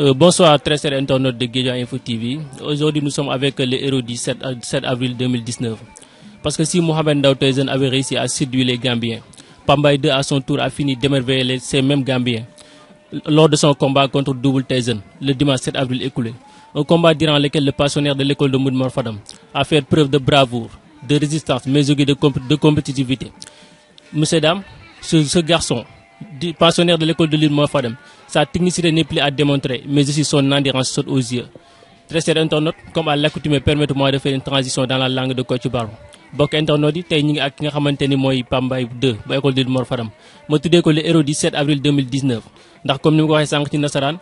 Euh, bonsoir, très chers internautes de Guédia Info TV. Aujourd'hui, nous sommes avec les héros du 7, euh, avril 2019. Parce que si Mohamed Daoutezen avait réussi à séduire les Gambiens, Pambay 2 à son tour a fini d'émerveiller ces mêmes Gambiens lors de son combat contre Double Tezen le dimanche 7 avril écoulé. Un combat durant lequel le passionnaire de l'école de Moudmar Fadam a fait preuve de bravoure, de résistance, mais aussi de, compétitivité. Monsieur, dames, ce garçon Passionnaire pensionnaires de l'école de l'île Morfadam, Sa technicité n'est plus à démontrer, mais aussi son endurance saute aux yeux. Très sérieux internaute, comme à l'accoutumée, permettez-moi de faire une transition dans la langue de Coach Baron. Bok internautes yi tey ñu nga xamante 2 bu école de l'île Fadam Moi tout ko le héros du 7 avril 2019 ndax comme ni ma ko waxee sànq ci nasaraan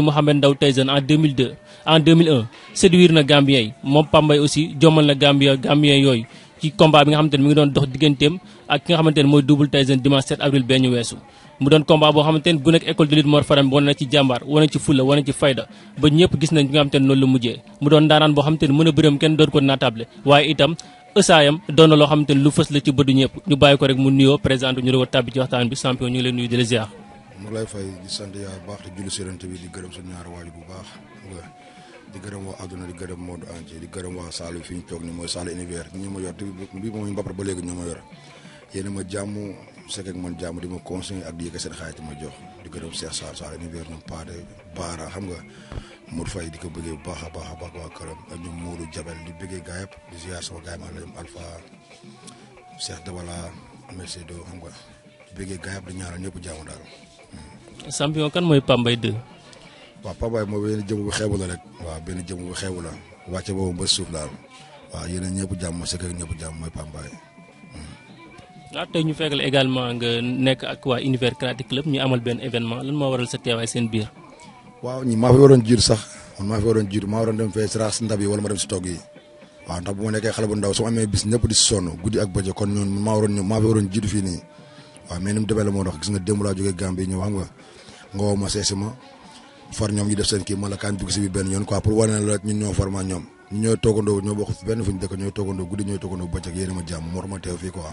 Mohamed Daou Tyson en 2002 en 2001 séduire na Gambien yi moom Pambaay aussi jomal na Gambien Gambien yooyu ci combat bi nga xamante mi ngi dox ak ki nga xamante ne mooy double Tyson dimanche 7 avril bee ñu weesu mu doon combat boo xamante ne école de lutte Mor Fadam wane ci jàmbaar wane ci fulla wane ci fayda ba ñëpp gis nañ ki nga noonu la mujjee mu doon ndaanaan boo xamante mën a bëreem kenn doon ko naatable waaye itam ësaayam doon na loo xamante ne lu fës la ci bëdu ñëpp ñu bàyyi ko rek mu nuyoo présenté ñu doon tàbbi ci waxtaan bi champion ñu leen nuyu di mu lay yéen ma jàmm sekk ak man jàmm di ma conseillé ak di yëkkat seen xaalis di ma jox di gërëm Cheikh Sarr Sarr anniversaire Paate Baara xam nga Modou Faye di ko bëggee bu baax a baax a baax waa këram ak ñoom Modou Jabel di bëggee gaa yëpp di ziar sama gaa yi maa la ñoom Alpha Cheikh Dabala Amel Seydou xam nga di bëggee gaa yëpp di ñaanal ñëpp kan mooy Pambay 2. waaw Pambay mooy benn jëmm la rek. waaw benn jëmm bu xeebu la wàcce boobu ba suuf daal waaw yéen a jàmm sekk ak ñëpp waaw tey ñu fekkal également nga nekk ak waa univers Karate club ñu amal benn événement lan moo waral sa teewaay seen biir. waaw ñi maa fi waroon jiir sax man maa fi waroon jiir maa waroon dem fee si raas ndab yi wala ma dem si togg yi waaw ndax bu ma nekkee xale bu ndaw su ma amee bis ñëpp di si sonn guddi ak bëccëg kon ñoon maa waroon ñëw maa fi waroon jiitu fii nii waaw mais ni mu demee la moo tax gis nga démb laa jógee Gambie ñëw nga nga woo ma seesi ma far ñoom ñu def seen kii ma la kaan dugg si bi benn yoon quoi pour wane la ñun ñoo farma ñoom ñu ñoo toogandoo ñoo bokk benn fuñ dëkk ñooy toogandoo guddi ñooy toogandoo bëccëg yéen ma jàmm moo ma teew fii quoi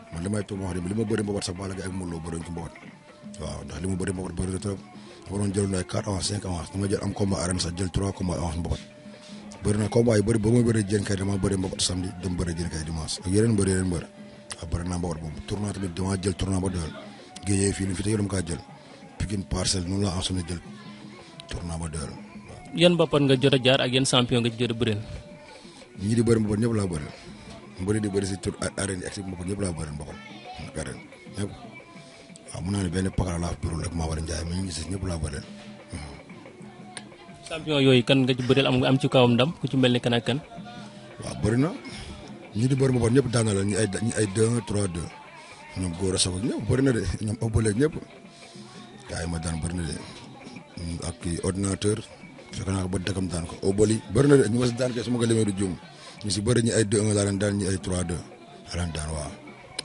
man limay tu wax li ma bëri mbabat sax bala ak mulo bëri ko mbabat waaw ndax li ma bëri mbabat bëri trop waron jël nay 4 ans 5 ans dama jël am combat arène sax jël 3 combat ans mbabat bëri na combat yu bëri bo ma bëri jën kay dama bëri mbabat samedi dem bëri jën kay dimanche ak yeneen bëri yeneen bëri ak bëri na mbabat bom tournoi tamit dama jël tournoi ba doyal geyé fi ni fi tey dama kaa jël pikin parcel noonu la am sama jël tournoi ba doyal yeen mbapat nga jëra jaar ak yeen champion nga jëra bëren ñi di bëri mbapat ñep la bëri mbëri di bëri si tur arène ak si boppam ñëpp laa bëri mbokkam ak arène ñëpp waaw mun naa ne pakala laa birul ak Mawar Ndiaye mais ñu si ñëpp laa bëri champion kan nga ci bëreel am nga am ci kawam ndam ku ci mel ni kan ak kan waaw bëri na ni di bëri mbokkam ñëpp daan na la ñi ay ñi ay 2 3 2 ñoom gora a saw ak ñëpp bëri na de ñoom ëbbaleeg ñëpp gars yi ma daan bari na de ak ordinateur fekk naa ko ba dëkkam ko ëbbali bari na de ñu ma si daan kay su ma du ñu si bëri ñu ay 2-1 la ay 3 daan waaw.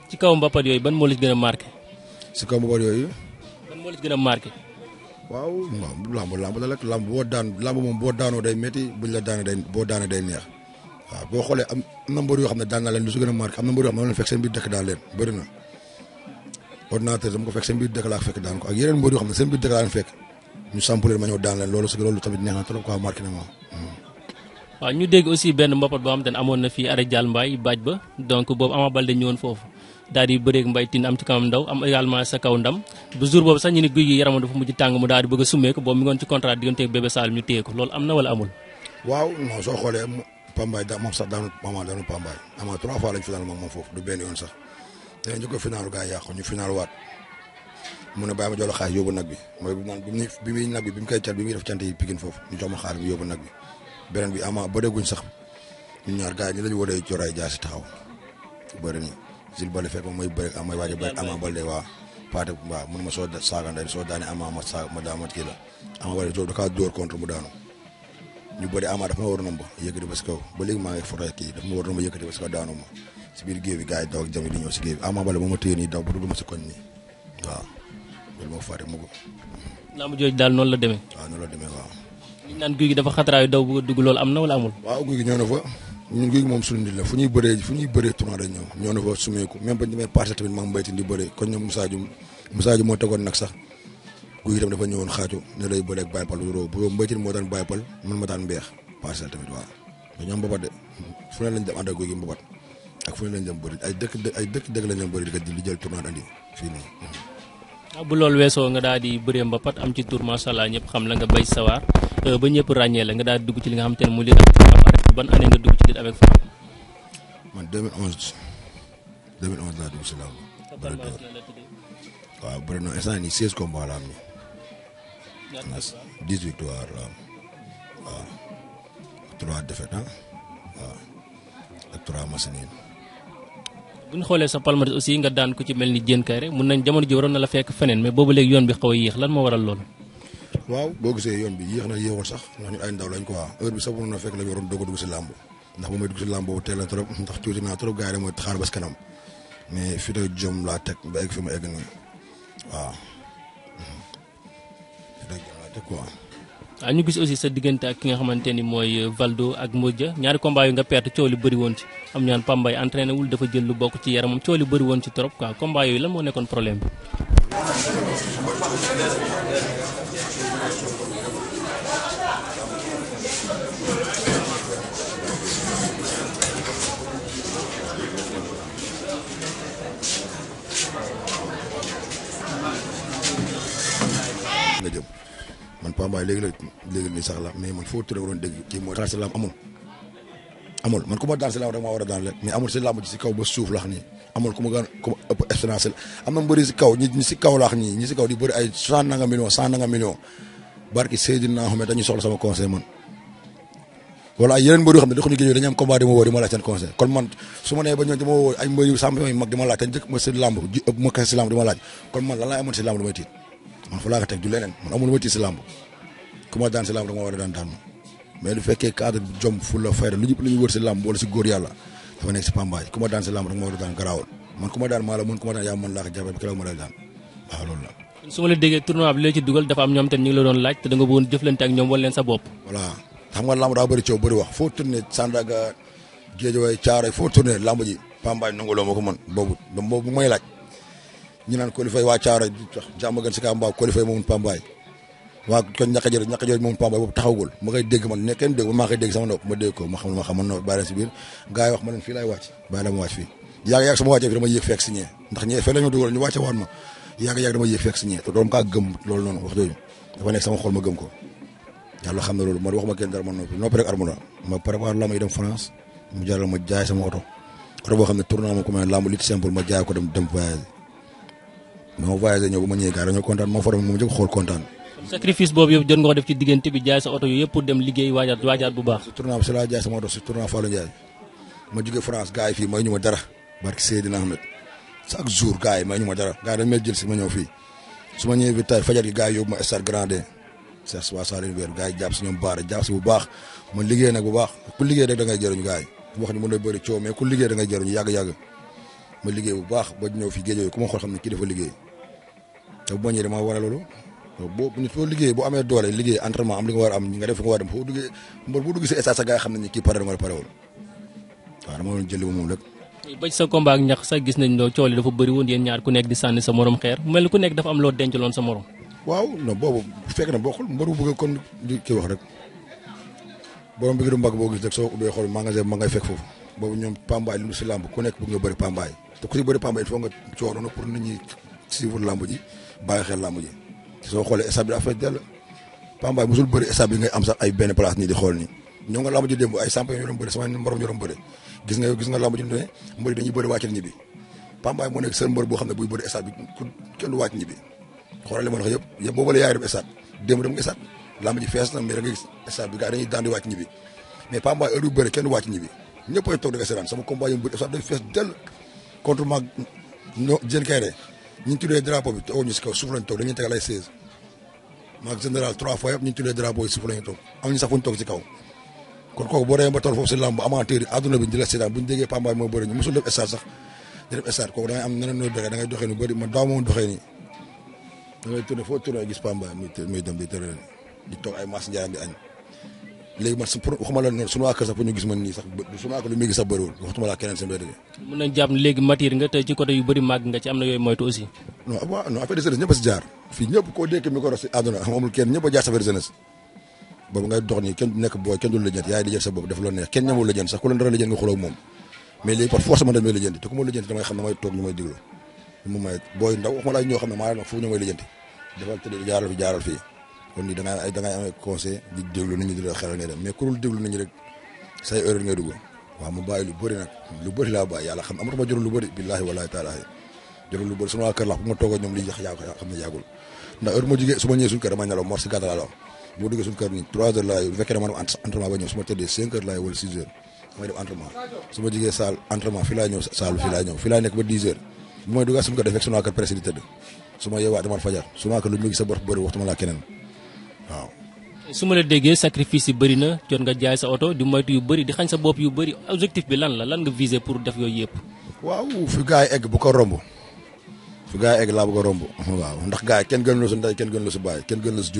ci kaw mbapat yooyu ban moo la ci gën a marqué. si kaw mbapat yooyu. ban moo la ci gën a marqué. waaw lamb lamb la rek boo daan lamb moom boo daanoo day métti buñ la daanee day boo daan day neex waaw boo xoolee am na mbër yoo xam ne daan naa leen lu si gën a marqué am na mbër yoo xam ne leen biir dëkk daan leen bëri na ordinateur dama ko fekk seen biir laa fekk daan ko ak yeneen mbër yoo xam ne seen biir dëkk laa leen fekk ñu samp leen ma daan leen loolu si loolu tamit neex na trop quoi marqué waaw ñu dégg aussi benn mbapat boo xam te ne amoon na fii arrêt Dial Mbaye baaj ba donc boobu Ama Baldé ñëwoon foofu daal di bëreeg Mbaye am ci kanam ndaw am également sa kaw ndam bu jour boobu sax ñu ne guy gi yaramam dafa mujj tàng mu daal di bëgg a summee ko boobu mi ngoon ci contrat digganteeg bébé Saloum ñu téye ko loolu am Pambaay da moom sax daanu maman daanu Pambaay ama trois fois lañ final moom moom foofu du benn yoon sax dañu ñu ko finaalu gaa yàqu ñu final waat mu ne bàyyi ma jox la xaalis yóbbu nag bi mooy bi naan bi muy nag bi mu koy cat bi muy def cant yi Pikine beneen bi ama ba dégguñ sax ñun ñaar gars yi ñu lañu wodee coraay jaasi taxaw bëri ni zil bale fekk ma mooy bëri am mooy waajo bëri ama balde waa paate waaw mun ma soo saaga ma sa ma daamat kii la ama balde soo dakaa dóor contre mu daanu ñu bëri ama dafa ma war nomba yëkkati ba si kaw ba léegi maa ngi foto kii dafa ma war nomba yëkkati ba si kaw daanu ma si biir géew bi gars yi daw ak jami di ñëw si géew bi ama balde moo ma téye nii daw ba dugg ma si koñ nii waaw loolu moo faate mu ko daal noonu la demee waaw noonu la demee waaw li ñu naan guy gi dafa xataraayu daw bu dugg loolu am na wala amul. waaw guy gi ñëw na fa ñun guy gi moom suñu nit la fu ñuy bëree fu ñuy bëree tournoi dañ ñëw na ñoom bëree de fu ne lañ dem ànd ak di jël tournoi andi fii nii bu lol weso nga daal di ba pat am ci tour machallah ñep xam la nga bay sawar euh ba ñep rañé la nga daal dugg ci li nga xam tane ne li lit ban année nga dugg ci dit avec frappe man 2011 2011 la dugg ci law wa door waaw bëri na instant nii 16 combat la am ni 10 victoires la wa waaw 3 défaite ah waaw ak 3 machines buñ ñu xoolee sa palmarès aussi nga daan ku ci mel ni kay rek mun nañ jamono ji waroon na la fekk feneen mais boobu léegi yoon bi xaw a yéex lan moo waral loolu waaw boo gisee yoon bi yéex na yéexoon sax ndax ñun ay ndaw lañ quoi heure bi sax waroon na fekk la ñu waroon doog a dugg si làmb ndax bu may dugg si lambo boobu teel trop ndax tuuti naa trop gars yi mooy xaar bas kanam mais fi da jom laa teg ba egg fi ma egg nii waaw fi da jom laa teg quoi Ah, ñu gis aussi sa diggante ak ki nga xamante ni mooy euh, Valdo ak Modja ñaari combat yu nga perte coow li bëri woon ci am ñaan Pambay entraîné wul dafa jël lu bokk ci yaramam coow li bëri woon ci trop quoi combat yooyu lan moo nekkoon problème Pambaay léegi la léegi nii sax la mais man foo turee waroon si lamb la mais amul si na mbëri si kaw ñi si si kaw di bëri ay cent nanga million man wala ay am combat di ma woo di ma laaj seen si lamb ma kese si lamb di ma laaj kon man lan laay si lamb du may man fa laa ko teg du leneen man amul ma tiit si lamb ku ma daan si làmb da nga war a daan daan mais lu fekkee cadre jom fu la fayda lu ñu wër si làmb wala si góor yàlla dafa nekk si pambaay ku daan si làmb a daan garaawul man ku ma daan la mën ku ma daan yaa mën laa ko ma lay daan la su ma la am ñoom tamit ñu la doon laaj te da nga bëggoon jëflante ak ñoom wala leen sa bopp voilà xam nga làmb daa bëri coow bëri wax foo tourné Sandaga Géejawaay Caaroy foo tourné làmb ji pambaay nanguloo ma ko man boobu boobu may laaj ñu naan waaw kon ñàkk a jëriñ ñàkk a jëriñ moom pambaay boobu taxawgul ma koy dégg man ne kenn dégg maa koy dégg sama nopp ma dégg ko ma xam ma xam man nopp bàyyi si biir gars yi wax ma leen fii laay wàcc bàyyi la ma wàcc fii yàgg-yàgg sama wàccee fi dama yéeg fekk si ñee ndax ñee fee la ñu dugal ñu wàcce waan ma yàgg-yàgg dama yéeg fekk si ñee te doom kaa gëm loolu noonu wax jooju dafa nekk sama xol ma gëm ko yàlla xam na loolu man waxuma kenn dara man noppi noppi rek armuna ma préparé lamb yi dem France mu jaral ma jaay sama oto oto boo xam ne tournant ma ko may lamb lit simple ma jaay ko dem dem voyage ma voyage ñëw ba ma ñëwee gars dañoo kontaan ma forom ma jëkk xool kontaan sacrifice boobu yëpp jot nga ko def ci diggante bi jaay sa oto yooyu yëpp pour dem liggéey waajaat waajaat bu baax. tourna tournoi bi si laa jaay sama oto si tourna Fallou Ndiaye ma jóge France gars yi fii may ñu ma dara barki Seydina Ahmed chaque jour gars yi may ñu ma dara gars yi dañu may jël si ma ñëw fii su ma ñëwee bi tay fajar gi gars yi yóbbu ma Estar Grand D Cheikh Souba Salim Weer gars yi jàpp si ñoom baara jàpp si bu baax ma liggéey nag bu baax ku liggéey rek da ngay jëriñu gars yi wax ni mën a bëri coow mais ku liggéey da ngay jëriñu yàgg-yàgg ma liggéey bu baax ba ñëw fii géej ku ma xool xam ne kii dafa liggéey te bu ma ñëwee dama wane loolu boo foo liggéey boo amee doole liggéey entraînement am li nga war am nga def nga war dem foo duggee mbër bu dugg si stade sa gars yi xam nañ kii pare wala parewul waaw dama doon jëli ba moom lépp ba ci sa combat ñax sax gis nañ loo coow li dafa bëri woon yéen ñaar ku nekk di sànni sa morom xeer mel ni ku nekk dafa am loo denc loon sa morom waaw non boobu fekk na bokkul mbër bu bëgg comme li kii wax rek borom bi ngi boo gis rek soo ubbee xool magasin ma ngay fekk foofu boobu ñoom pambaay li mu si làmb ku nekk bëgg nga bëri pambaay te ku si bëri pambaay il faut nga coow ji soo xoolee stade bi daa fees dell Pambaay mosul bëri stade bi ngay am sax ay benn place nii di xool nii ñoo nga lamb ji démb ay champion ñoo ñoo nga gis ji ne mbëri dañuy bëri wàccal ñibbi Pambaay moo nekk seen mbër boo xam ne buy ji fees na mais da nga gis stade bi gars dañuy daan di wàcc ñibbi mais Pambaay heure yu bëri kenn du wàcc ñëpp ay toog da nga sama combat yu bëri stade fees dell contre mag ñoo jën kayre ñu ngi tuddee drapeau bi te ñu si kaw suuf lañ toog maag général trois fois yëpp ñu tuddee drapeau yi suuf la ñu toog am ñu sax fu ñu toog ci kaw kon kooku boo ba toll foofu ci làmb amateur yi àdduna bi di la bu ñu Pambaay moo bëri ñu mosul def stade sax di def stade kooku am neneen nooy doxee da ngay doxee nu bëri man daaw moom doxee nii da gis Pambaay muy dem di tëral di toog ay maas añ léegi man su pour waxuma sunu waa lu muy gis sax bëriwul waxtuma keneen si mbedd gi. mën nañu jàpp ne léegi matière nga te ci côté yu bëri màgg nga ci am na yooyu moytu aussi. non ah affaire de jeunesse ñëpp si jaar fii ñëpp koo dékk micro si àdduna amul kenn ñëpp jaar sa affaire de jeunesse boobu ngay dox nii kenn du sax ku leen dara nga xuloo moom mais par force man damay la jënd te ku ma la jënd damay xam ne may toog ñu may diglu mu may ne maa leen wax may la kon ni da ngay da ngay amee conseil di déglu nit ñi di la xelal ngay dem mais ku dul déglu nit ñi rek say erreur ngay dugg waaw mu bàyyi lu bëri nag lu bëri laa bàyyi yàlla xam amatuma jorul lu bëri billaahi wallaahi taala jorul lu bëri sunu waa kër la bu ma toogoo ñoom li yàq xam ne yàggul ndax heure bu ma jógee su ma ñëwee suñu kër dama nelaw mor si gàttal la wax bu ma duggee suñu kër nii 3 heures laay bu fekkee dama dem entraînement ba ñëw su ma tëddee 5 heures laay wala 6 heures damay dem entraînement su ma jógee salle entraînement fii laay ñëw salle bi fii laay ñëw fii laay nekk ba 10 heures bu may duggaat suñu kër def fekk sunu waa kër presse di tëdd su ma yeewaat dama fajar sunu waa kër lu ñu ma gis sa bopp bëri waxtuma laa keneen waaw. su ma la déggee sacrifice yi bëri na jot nga jaay sa oto di moytu yu bëri di xañ sa bopp yu bëri objectif bi lan la lan nga visé pour def yooyu yëpp. waaw fi gaa yi egg bu ko romb fi gaa yi egg laa bu ko romb. waaw ndax gaa yi kenn gën la su ndey gën la su baay kenn gën la su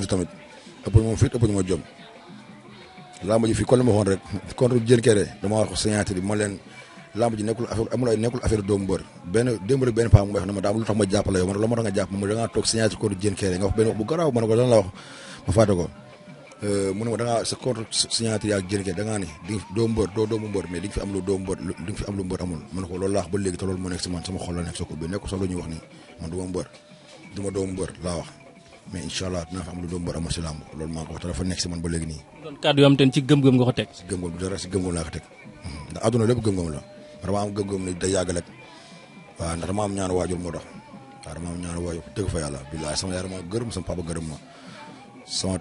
ji fii kon li ma waxoon rek contre Diène Kairé dama wax ko signature bi ma leen làmb ji nekkul affaire amul doomu mbër benn démb rek benn paa mu wax ne ma daa am lu tax ma jàppale yow man la ma tax nga jàpp ma da ngaa toog signature contre Diène nga wax benn wax bu garaaw ma Eh, mo fada ya ko euh ne ma da nga sa compte signature ak jël ke da nga ni do mbor do do mbor mais di fi am lu do mbor di fi am lu mbor amul man ko la wax ba legui te loolu mo nekk sama sama xol la nekk sa ko bi nek sa lu ñuy wax ni man duma mbor duma do mbor la wax mais inshallah na fa am lu do mbor amul salam lamb mako wax dafa nekk ci man ba legui ni don cadeau yam ten ci gem gem nga ko tek gem gem gëm dara ci gem gem la ko tek da aduna lepp gem gem la dama am gem gem ni da yag rek wa ndax dama am ñaan wajur mo dox dama am ñaan wajur teug fa yalla billahi sama yar mo geureum sama papa geureum mo sama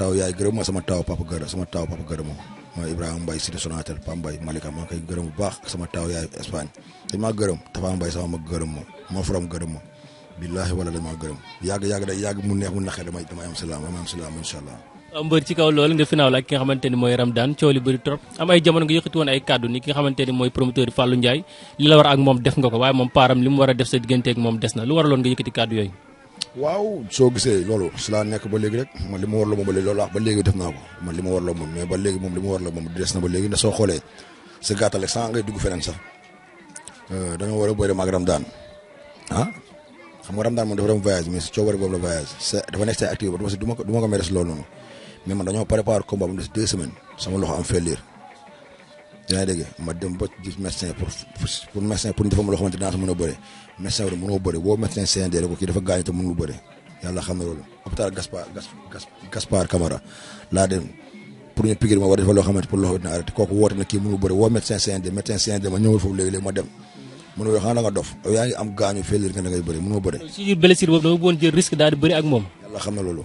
taaw yaay gërëm ma sama taaw papa gërëm sama taaw papa gërëm ma mooy Ibrahima Mbaye Cité Sonatel Pam Mbaye Malika koy gërëm bu baax sama taaw yaay Espagne dañ maa gërëm Tafa Mbaye sama mag gërëm ma ma forom gërëm ma billaahi wala dañ maa gërëm yàgg yàgg day yàgg mu neex mu naqee damay am salaam damay am salaam incha allah ah, mbër ci kaw loolu nga final ak ki nga xamante ni mooy Ramdan coow li trop am ay jamono nga yëkkati woon ay kàddu ni ki nga xamante ni mooy promoteur Fallou Ndiaye li la war ak moom def nga ko waaye a def sa diggante ak na lu waraloon nga yëkkati waaw soo gisee loolu si laa nekk ba léegi rek man li ma war la moom ba léegi loolu wax ba léegi def naa ko li ma war la moom mais ba léegi moom li ma war la moom des na ba léegi ndax sa gàttal euh, dañoo war a bëri maag Ramadaan ah xam nga Ramadaan moom dafa dem voyage mais si coobare boobu la voyage sa dafa nekk say activité ba ko du ma ko mere si loolu noonu mais mu des deux semaines sama loxo am faillir yaa dégg ma dem ba gis médecin pour pour médecin pour ñu defal ma loo xamante ne naa sa mën a bëre médecin wala mënoo bëri boo médecin CND la ko kii dafa gaañ te mënul bëri yàlla xam na loolu hôpital Gaspard Gaspard Camara laa ma loo xamante pour loxo dina arrêté kooku woote na kii mënul bëri woo médecin CND médecin CND ma ñëwal foofu léegi-léegi am gaañu félir nga da ngay bëri moom yàlla xam na loolu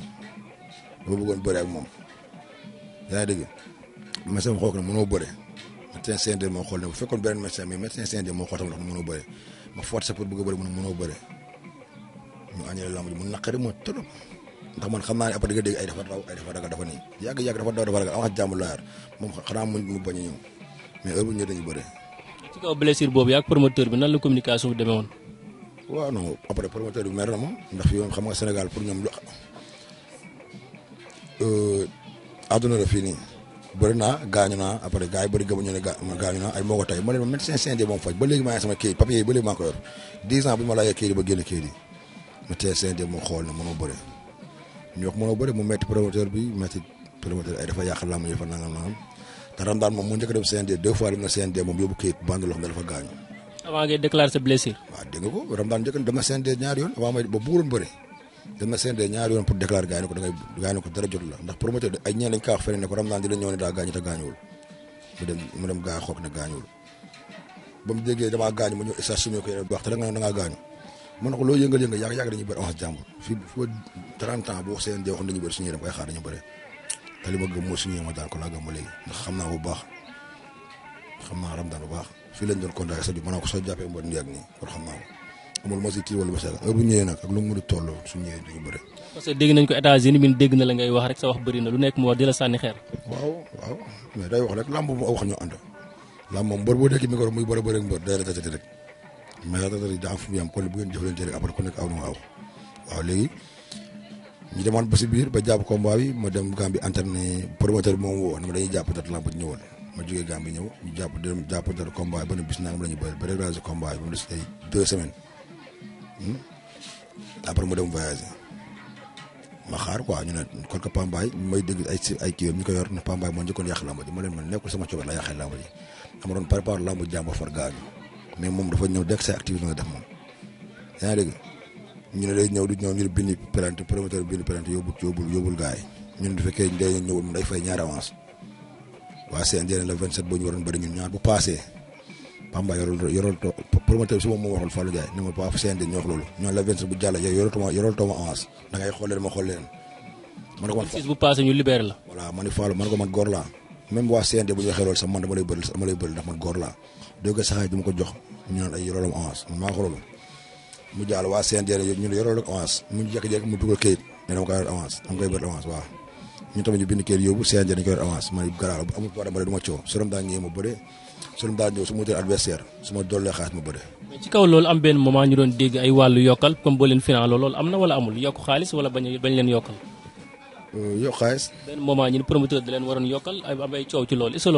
dama bëggoon bëri ak moom yaa ngi dégg médecin ma xool ne mënoo moo xool ne bu fekkoon beneen médecin ma forcé pour bëgg a bëri mu ne mënoo bëre ñu àññale lamb ji mu naqari ma trop ndax man xam naa ne après nga dégg ay dafa raw ay dafa ragal dafa nii yàgg yàgg dafa daw dafa ragal am wax jàmm laayaar moom xanaa mu mu bañ a ñëw mais heure bu ñëwee dañu bëre. ci kaw blessure boobu yaa promoteur bi nan la communication bi demee woon. waaw non après promoteur bi mer na moom ndax fii moom xam nga Sénégal pour ñoom lu euh, àdduna la fii nii. bëri naa gaañu naa après gars yi bëri gëmuñu ne gaañu naa ay moo ko tey ma ne ma médecin CNG moom faj ba léegi maa ngi sama kayit papier yi ba génn kayit yi médecin CNG ñu wax nangam nangam te Ramadane moom mu njëkk a dem CNG deux fois dem na CNG moom yóbbu kayit bande loxo dafa gaañu. avant ngay déclarer sa blessure. waaw dégg ko Ramadane njëkk dem na CNG ñaari yoon avant may ba buuroon bëri dem sen de ñaar yoon pour déclarer gaañu ko da ngay gaañu ko dara jot la ndax promoteur ay ñeñ lañ ka wax feneen ko ramdan di la ñëw da gañu ta gañu wul bu dem mu dem xok xoog gañu wul bu mu déggee damaa gaañu ma ñëw station ko yéne wax te da nga da ngaa gaañu man ko loo yëngal yëngal yàgg yàgg dañuy bëri wax oh, jàmbur fi fa 30 ans bu wax sen de wax dañuy bëri suñu yaram koy xaar dañu bëri te li ma gëm mooy suñu ma dal ko la gëm ba léegi ndax xamna bu baax xamna ramdan bu baax fi lañ doon kontaak sa di mën ko soo jàppee mbon ndi ak xamna amul ma ci ki wala ma sala bu ñëwé nak ak lu mu mën a tolloo su ñëwee dañu bëre parce que dégg nañ ko états-unis min dégg na la ngay wax rek sa wax bëri na lu nekk mu wax dila sanni xéer waaw waaw mais day wax rek lamb bu wax ñu ànd lamb moom bo dégg mi ko muy bëre bëre mbër dara tata rek mais ratatati daa fu mu am kon bu ngeen jëflante rek après ku nekk aw na waaw waaw légui ñu demone ba ci biir ba japp combat bi ma dem gambi antenne promoteur bi wo woo na dañuy japp tata lamb ñëwal ma jógee gambi ñëw ñu japp dem japp dat combat ba ne bis na am lañu bëri ba réglage combat bu mu ci 2 semaines Hmm. après mu dem voyagé ma xaar quoi ñu ne kon que Pambaay may dégg ay si ay kii ñu ko yor ne Pambaay moo njëkkoon yàq làmb ji ma leen man nekkul sama coobar la yàqee làmb ji dama doon préparé làmb mais moom dafa ñëw dekk say activité nga def moom yaa ñu ne day ñëw du ñëw ñu ne bindi plante promoteur bindi plante yóbbul yóbbul yóbbul gars yi ñun bu fekkee day ñëwul mu day fay ñaari avance waa CNG la 27 boo ñu waroon bëri ñu ñaar bu passé Pamba yorul yorul to promoteur bi si moom moo waxoon Fallou Ndiaye ne ma waa CND ñu wax loolu ñoon la bu jàll yow yorutuma yorutuma avance da ngay xool leen ma xool leen ma ne ko man six bu passé ñu ma ne Fallou ma ko man góor laa même waa CND bu ñu waxee dama lay bëri dama lay mu jàll waa mu jékki-jékki mu dugal këyit ne dama koy yor avance daa ngee ma bëree suñu daan ñëw su ma wutee adversaire su ma dollee xaalis ma bëre. mais ci ñu doon dégg ay wàllu yokkal comme boo leen financé loolu am na wala amul yokk xaalis wala bañ bañ leen yokkal. Euh, yokk xaalis. benn moment ñun promoteur da leen waroon yokkal am ay coow ci loolu est-ce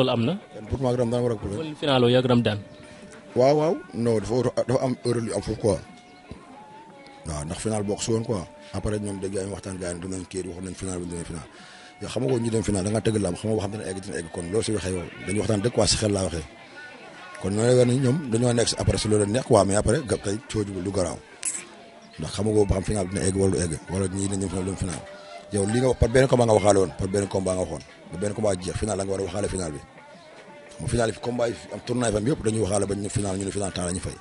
que a ko. waxtaan gars tëgg làmb xam nga xam egg dina egg kon loolu si waxee yow dañuy waxtaan dëgg quoi si xel laa waxee kon ñoo yor dañoo nekk si après si loolu neex waaw mais après ga tey ba xam final dina egg wala du egg wala ñii na ñoom final lu nga waxaale final la a waxaale final bi xam final yi combat yi am ba ñu final ñu ne fay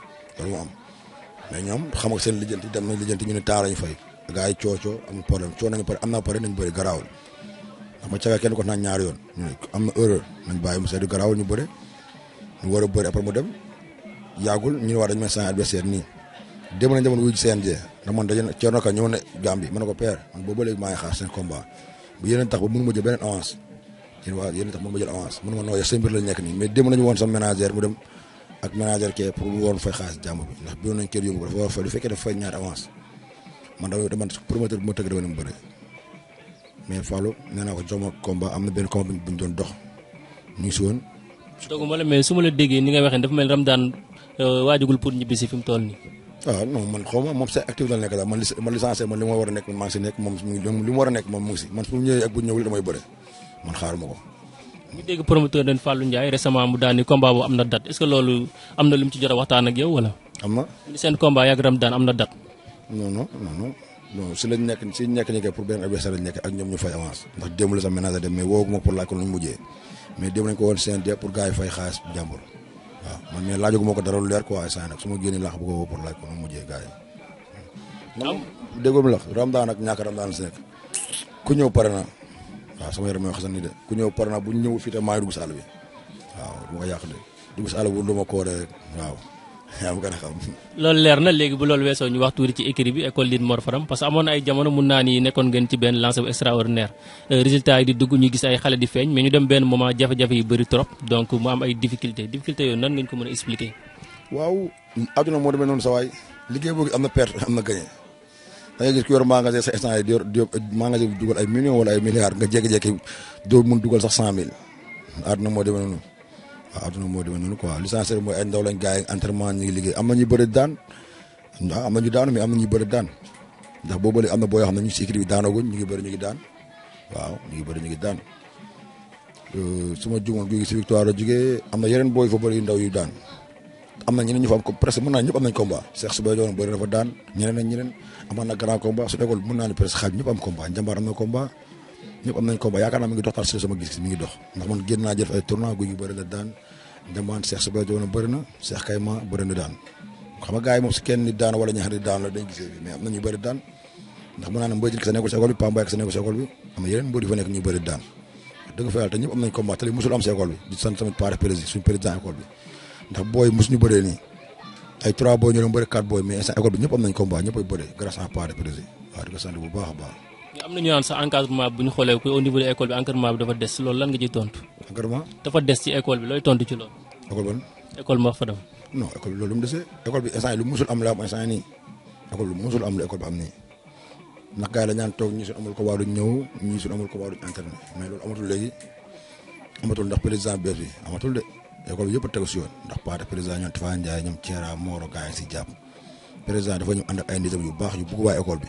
mais ñoom xam nga seen lijjanti dem nañ lijjanti ñu ne temps la ñu fay gars yi coo coo amul problème coo nañu pare am na pare nañ bëri garaawul xam nga kenn ko naan ñaari yoon ñu am na erreur nañ bàyyi mu seetlu garaawul ñu ñu war a bëri après mu dem yaagul ñu ne waa dañ may sànni adversaire nii dem nañ demoon wuyu CNG ndax man daje na Thierno Ka ñëw na Gambie ma ne ko père man boobu ba léegi maa ngi xaar seen combat bu yeneen tax ba mënu ma jël beneen avance tax mënu ma jël avance mënu ma nooyee la nekk nii mais dem nañu woon sa ménagère mu dem ak ménagère jàmm bi ndax bi nañ kër yëngu dafa war a fay du fekkee dafa man dama dama promoteur bi ma tëgg dama ne mais Fallou nee naa ko jox ma combat am na benn combat bu ñu doon dox ñu ngi si woon dogu ma la mais su la déggee ni nga waxee dafa mel ramadan euh, pour toll ah non man xawma moom c'est actif la nekk daal man licencié man li ma nek man maa ngi si nekk moom mu ngi li mu war man su ñëwee ak bu ñëwul damay bëre man xaaruma ñu dégg promoteur den Fallou Ndiaye récemment mu daani combat bu am date est ce que loolu am na ci jot waxtaan ak yow wala combat date non non non non pour lañ ak ñu fay avance ndax sa ménage dem mais pour ko mais dem nañ ko woon CNG pour gars yi fay xaalis jàmbur waaw man mais laajagu ko dara lu leer ko saa nag su ma génnee laax bu ko woo pour laaj ko nu mu mujjee gars yi. am nak mi la Ramadan ak ñàkk Ramadan si nekk ku ñëw pare na waaw sama yaram yoo xasan ni de ku ñëw pare na bu ñëw fii tam maa ngi dugg si àll bi waaw du ma ko yàq rek waaw. yaa ma gën a xam. loolu leer na léegi bu loolu weesoo ñu wax tuuti ci écrit bi école Lydie Mor parce que amoon na ay jamono mun naa ni nekkoon ngeen ci benn lancé bu extraordinaire euh, résultat yi di dugg ñu gis ay xale di feeñ mais ñu dem benn moment jafe-jafe yi bëri trop donc mu am ay difficulté difficulté yooyu nan ngeen ko mën a expliquer. waaw àdduna moo demee noonu sa waay liggéey boobu am na perte am na gagné da gis ku yor magasin sa instant yi di yor di yor magasin nga jékki-jékki doo mun dugal sax cent mille àdduna moo demee a adduna moo demee noonu quoi licencié mooy ñu ngi liggéey daan ah am na ñu am na ñu bëri daan ndax boobu léegi am na boo xam ne si équipe bi daanaguñ ñu ngi bëri ñu ngi daan waaw ñu ngi bëri ñu ngi daan euh, su ma juumoon guy gi si victoire jugee am na yeneen booy yu fa yu ndaw yu daan am na ñeneen ñu fa am presque mën naa na fa daan ñeneen ak ñeneen amoon na grand combat su école mun naa ne presque xaaj ñëpp am combat njambaar am na ñëpp am nañ ko ba yaakaar naa mi ngi dox tal sama gis mi ngi dox ndax man génn naa jëf ay tournoi guy gi bëri na daan demaan Cheikh Soubel Diop na bëri na Cheikh Kayma bëri na daan xam nga gars moom su kenn nit daan wala ñaari nit daan la dañ gisee mais am nañ ñu bëri daan ndax mën naa ne mbëri ki sa nekkul si école bi Pam Mbaye ki sa nekkul si école bi am yeneen yeneen di fa nekk ñu bëri daan dëgg fa yàlla te ñëpp am nañ combat te li musul am si école bi di sant tamit pare président suñu président école bi ndax booy musuñu bëree nii ay trois booy ñu doon bëri quatre booy mais instant école bi ñëpp am nañ combat ñëpp ay bëri grâce à pare président waaw di ko sant bu baax a baax am na ñu naan sax encadrement bu ñu xoolee ko au niveau de école bi encadrement bi dafa des loolu lan nga ciy tontu. encadrement dafa des ci école bi looy tontu ci loolu. école ban école moo fa dem. non école bi loolu lu mu desee école bi instant yi lu musul am la am instant yi nii école bi lu musul am la école nii ñaan toog ñii suñu amul ko waa duñ ñëw ñii suñu amul ko waa duñ entraîné mais loolu amatul léegi amatul ndax président bees bi amatul de école bi yëpp a tegu si yoon ndax Pate président ñoom Tafa Ndiaye ñoom Thiera Moro gars yi si jàpp président yu baax yu bëgg waa bi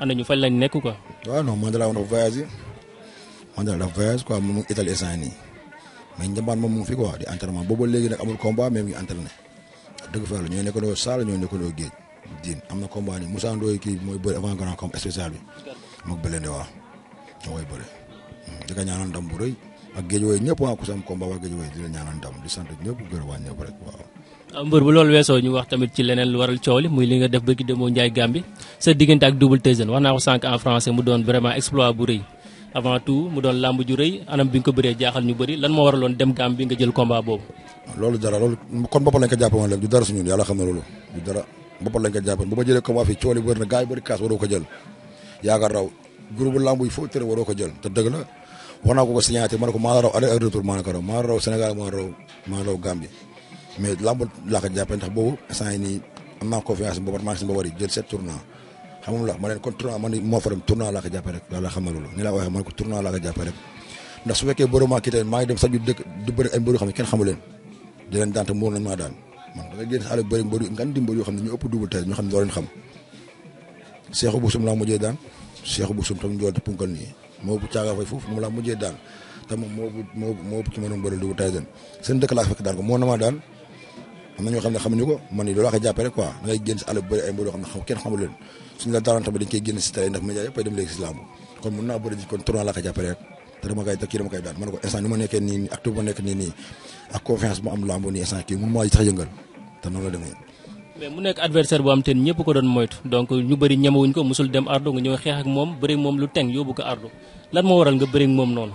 ana ñu fan lañ nekk quoi. waaw non Mandela woon dafa voyagé Mandela dafa voyage quoi mu ngi Italie instant nii mais njambaan moom mu fi quoi di entraînement boobu léegi nag amul combat même ñu entraîné dëgg fa la ñooy nekkandoo na combat ni Moussa Ndoye kii mooy bëri avant grand combat spécial bi moog Belende waaw ñoo koy bëri mm, di ko ñaanal bu rëy ak géej wooyu ñëpp waa ku si am combat waa géej wooyu di la ñaanal di sant ñëpp gërëm waa ñëpp rek waaw. mbër bu loolu weesoo ñu wax tamit ci leneen lu waral coow li muy li nga def bëgg demoo Njaay Gàmbi sa diggante ak double wax naa ko sànq en français mu doon vraiment exploit bu rëy avant bi nga ko bëree jaaxal ñu bëri lan moo waraloon dem Gàmbi nga jël combat boobu. loolu dara loolu kon boppam lañ ko jàppee woon léegi ma na gars waroo ko jël yaakaar raw groupe làmb ko jël te dëgg la wax raw aller ak retour raw maa raw raw maa mais lamb laa ko jàppee ndax boobu instant yii nii am naa confiance boobu a tournoi xam nga lu ma wax kon tournoi moo fa dem tournoi laa ko jàppee rek yàlla xamal loolu ni laa ko waxee ma ne ko tournoi laa ko jàppee ndax su fekkee borom maa kii tamit maa ngi dem sax leen di leen daan te moom lañ maa yoo xam ne ñu ëpp double tey ñu xam ne doo leen xam laa mujjee daan Seexu Busum tam njool te punkal nii moo bu caaga fay foofu moom laa mujjee daan te moo moo moo ci ma doon bëri double tey seen dëkk laa fekk daan ko moo na maa daan am na ñoo xam ko man ni loolu laa koy jàppee rek quoi da ngay génn si àll bëri ay mbir yoo xam ne xam kenn xamul leen suñu la daran tamit dañ koy génn si télé ndax média yëpp ay dem léegi si lamb kon mën naa bëri ji kon tournoi laa koy jàppee te dama koy te dama koy daan ma ko instant ni ma nekkee nii nii acteur ma nekk nii nii ak confiance bu am lamb nii instant kii mun maa sax yëngal te noonu la demee mais mu nekk adversaire bu am teen ñëpp ko doon moytu donc ñu bëri ñamawuñ ko musul dem ardo nga ñëw xeex ak moom bëri moom lu teng yóbbu ko ardo lan moo waral nga bëri moom noonu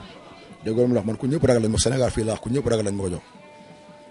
déggoo la man ku ñëpp ragal lañ ma Sénégal fii laa ku ñëpp ragal lañ ma jox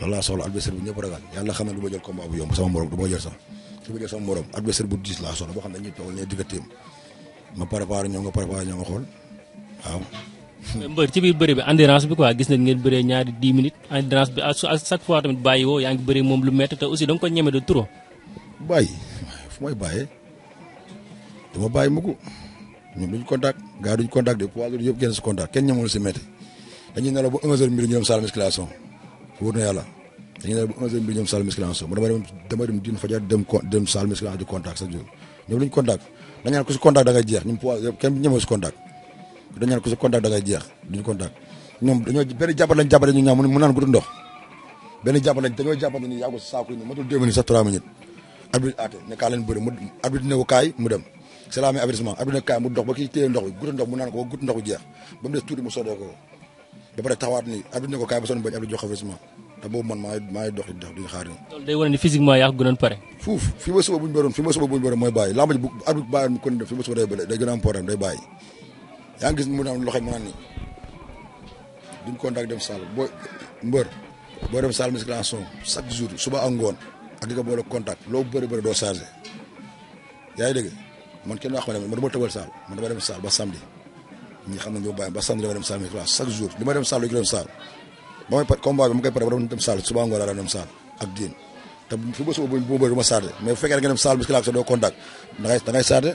loolu laa soxla adversaire bu ñëpp ragal yàlla xam na du ma jël combat bu yomb sama morom du ma jël sax du ma jël sama morom adversaire bu diis laa soxla boo xam ne dañuy toog ne divertir ma préparé ñoo nga préparé ñoo nga xool waaw. mbeur ci biir bëri bi endurance bi quoi gis nañ ngeen bëree ñaari 10 minutes endurance bi à chaque fois tamit bàyyi woo yaa ngi bëree moom lu métti te aussi da nga ko ñeme de trop. bàyyi fu may bàyyee dama bàyyi mukk ñoom duñ contact gars duñ contact de poids yëpp gën si contact kenn ñamul si métti dañuy nelaw ba 11 heures mbir ñoom salle musculation wóor na yàlla dañuy daal bu 11 bi ñoom salle musculation so ma dama dem dama dem din fajar dem dem salle musculation di contact chaque jour ñoom luñ contact dañu naan ku si contact da ngay jeex ñun poids kenn ñemoo si contact dañu naan ku si contact da ngay jeex duñ contact ñoom dañoo benn jàppal lañ jàppale ñu ñaa mu naan gudd ndox benn jàppal lañ dañoo jàppal ni yàggu saako ñu matul deux minutes sax trois minutes arbitre aate ne kaa leen bëri mu arbitre ne ko kaay mu dem c'est la même avertissement arbitre ne kaay mu dox ba kii téye ndox bi gudd ndox mu naan ko ba gudd ndox bu jeex ba mu des tuuti mu soodee ko ba pare taxawaat ni arbitre ne ko kaay ba sonn bañ abdou jox avertissement da bo man may may dox di dox di xaar ni lol day wone ni physiquement yaa gënon paré fouf fi ba suba buñ bëroon fi ba suba buñ bëroon moy bàyyi lamb ji bu arbitre bàyyi mu kon def fi ba suba day bële day gëna am problème day bàyyi ya nga gis mu naan loxe mu naan ni duñ ko ndak dem sal bo mbeur bo dem sal musculation chaque jour suba ak ngoon ak di bolo contact lo beure beure do chargé yaay deug man kenn wax ma dem man dama tawal sal man dama dem sal ba samedi ñi xam nañ ba ba samedi dama dem salle classe chaque jour li dem salle dem salle ba may combat bi mu koy paré war dem salle suba ngoo laa dem salle ak diin ta fi ba suba bu ma bëri ma salle mais fekké nga dem salle bis classe do contact da ngay da ngay sardé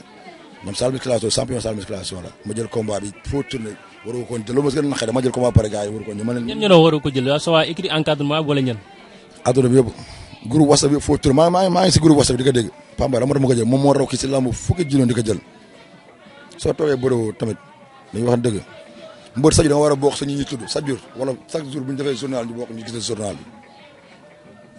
dem salle bis classe champion salle bis classe wala ma jël combat bi foo tourner waru ko ñu lu ma gën na xëy dama jël combat paré gaay waru ko ñu mané ñen ñoo waru ko jël sa wa écrit encadrement wala ñen aduna bi yobu groupe whatsapp bi foo tourner ma maa maa ngi si groupe whatsapp di ko dégg pamba dama dama ko jël mo mo raw ki ci lamb fukki junni di ko jël so toogee bëreewoo tamit dañuy wax dëgg mbër Sadio da nga war a bokk sa ñi ñu tudd chaque jour wala chaque jour bu ñu defee journal ñu bokk ñu gis journal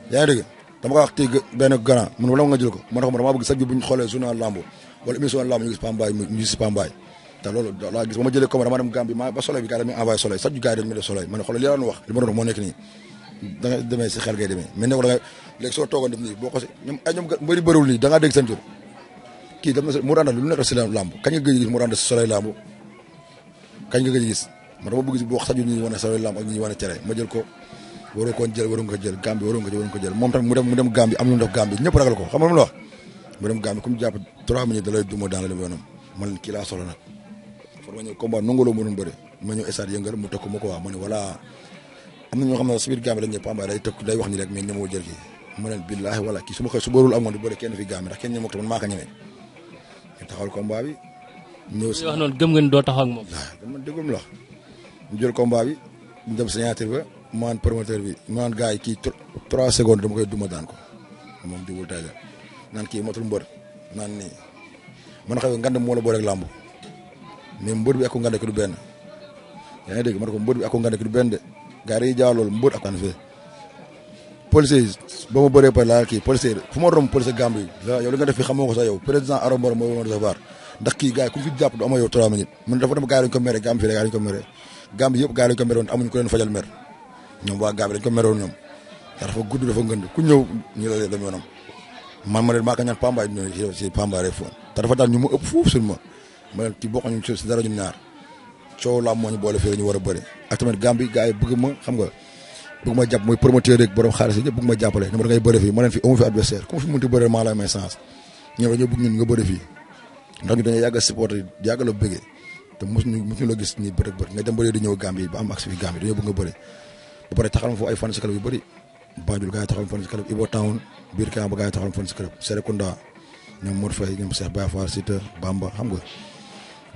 bi yaa ngi dëgg dama ko wax tey benn grand man wala nga jël ko man xam dama bëgg chaque jour bu ñu xoolee journal lamb wala émission lamb ñu gis Pambaay ñu gis Pambaay te loolu laa gis ba ma jëlee comme dama dem Gambie ma ba soleil bi gars yi dañuy envoyé soleil chaque jour gars yi dañu ma def soleil ma ne xoolal li la doon wax li ma doon wax moo nekk nii da nga demee si xel ngay demee mais ne ko da nga léegi soo toogoon def nii boo ko si ñoom ay ñoom mbëri bëriwul nii da ngaa dégg seen tur kii dama mu daan def lu nekk si lamb kañ nga gëj gis mu daan def si soleil lamb kañ nga ko gis man dama bëgg si bu wax sañul ñuy wane sa lamb ak ñuy wane cere ma jël ko waroo koon jël waroo ko jël Gambie waroo ko jël waroo ko jël moom tamit mu dem mu dem Gambie am lu mu def Gambie ñëpp ragal ko xam nga lu ma la wax mu dem Gambie comme jàpp trois minutes da lay duma dans la dem yoonam man kii laa soxla nag for ma ñëw combat nangaloo mu doon bëri ma ñëw stade yëngal mu tëkk ma ko waa ma ne voilà am na ñoo xam ne si biir Gambie dañ ne Pamba day tëkk day wax ni rek mais ñemoo jël kii ma ne billaahi wala kii su ma xëy su bërul amoon di bëri kenn fi Gambie ndax kenn ñemoo ko man maa ko ñemee ñu taxawal combat bi ñëw si wax noonu gëm nga ni doo taxaw ak moom. waaw dama la ñu jël combat bi ñu dem ba maan promoteur bi maan gars yi kii trois secondes dama koy ma daan ko moom diwul tay la naan kii matul mbër naan nii man xëy ngand moo la boole ak làmb mais mbër bi ak ko ngand ki du benn yaa ngi dégg man ko mbër bi ak ko ngand ki du benn de gars yi dañuy jaaw loolu mbër ak an fee policier yi ba ma bëree pare laa kii policier fu ma romb policier Gambie yow li nga def fi xamoo ko sax yow président Aroboro moo ma recevoir ndax ki gars yi ku fi jàpp du ama yow 3 minutes man dafa dem gars yi dañ ko mere gàmm fii yëpp gars yi dañ ko mere woon amuñ ko leen fajal mer ku ñëw ñu la lee dem yoonam ma ñu si ëpp foofu suñu ma ma leen ci na ñu si dara ñu ñaar coow la moo war a bëri ak tamit gàmm bi gars bëgg ma xam nga bëgg ma jàpp mooy promoteur rek borom xaalis yi ñëpp bëgg ma jàppale ñu ma da ngay fii ma leen fi amu fi adversaire ku ma fi mënti bëri maa lay may chance ñoom dañoo bëgg ñun nga bëri fii ndax ñu dañoo yàgg a supporté yàgg la bëggee te mosuñu mosuñu la gis nii bëri bëri nga dem bëri di ñëw Gambie ba am accès bi Gambie dañoo bëgg nga bëri ba pare taxalam foofu ay fan si club yu bëri Banjul gaa yi taxalam fan si club Ibo Town biir Kamba gaa yi taxalam fan si club Serekunda ñoom Mor Faye ñoom Cheikh Baye Fall Sita Bamba xam nga